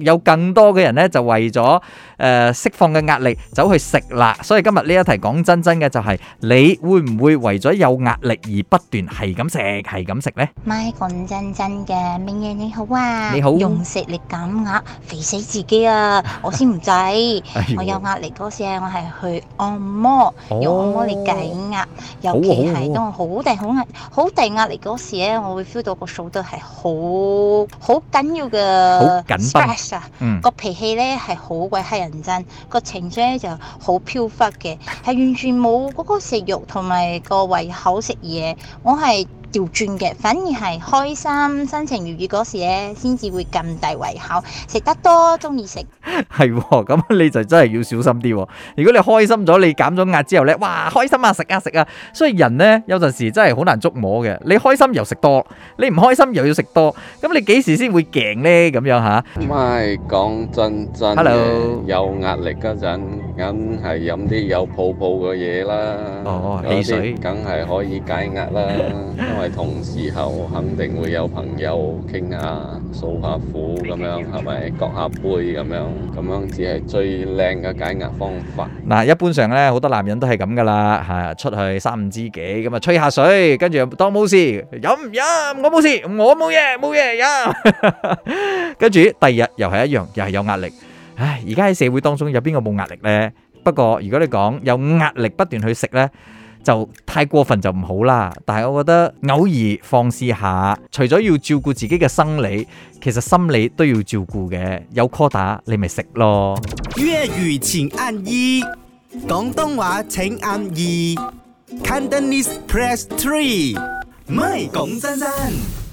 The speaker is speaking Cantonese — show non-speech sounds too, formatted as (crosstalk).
有更多嘅人咧，就為咗誒釋放嘅壓力，走去食啦。所以今日呢一題講真真嘅，就係你會唔會為咗有壓力而不斷係咁食，係咁食咧？咪講真真嘅，咩嘢你好啊？你好，用食力減壓，肥死自己啊！我先唔制，我有壓力嗰時啊，我係去按摩，用按摩嚟減壓。尤其係當我好大好壓好大壓力嗰時咧，我會 feel 到個數都係好好緊要嘅。哎嗯、個脾氣咧係好鬼乞人憎，個情緒咧就好飄忽嘅，係完全冇嗰個食欲同埋個胃口食嘢，我係。調轉嘅，反而係開心、心情愉悦嗰時咧，先至會咁大胃口，食得多，中意食。係、 (laughs) 哦，咁你就真係要小心啲。如果你開心咗，你減咗壓之後呢，哇，開心啊，食啊食啊！所以人呢，有陣時真係好難捉摸嘅。你開心又食多，你唔開心又要食多，咁你幾時先會勁呢？咁樣吓。唔係，講真真 Hello，有壓力嗰陣。梗係飲啲有泡泡嘅嘢啦，哦、有汽水梗係可以解壓啦， (laughs) 因為同時候肯定會有朋友傾下、訴下苦咁樣，係咪？擱下杯咁樣，咁樣只係最靚嘅解壓方法。嗱、嗯，一般上咧好多男人都係咁噶啦，嚇出去三五知己咁啊吹下水，跟住又當冇事飲唔飲，我冇事，我冇嘢冇嘢飲。跟住、yeah、 (laughs) 第二日又係一樣，又係有壓力。唉，而家喺社會當中有邊個冇壓力呢？不過如果你講有壓力不斷去食呢，就太過分就唔好啦。但係我覺得偶爾放肆下，除咗要照顧自己嘅生理，其實心理都要照顧嘅。有 quota 你咪食咯。粵語請按一，廣東話請按二，Cantonese Press Three，唔係講真真。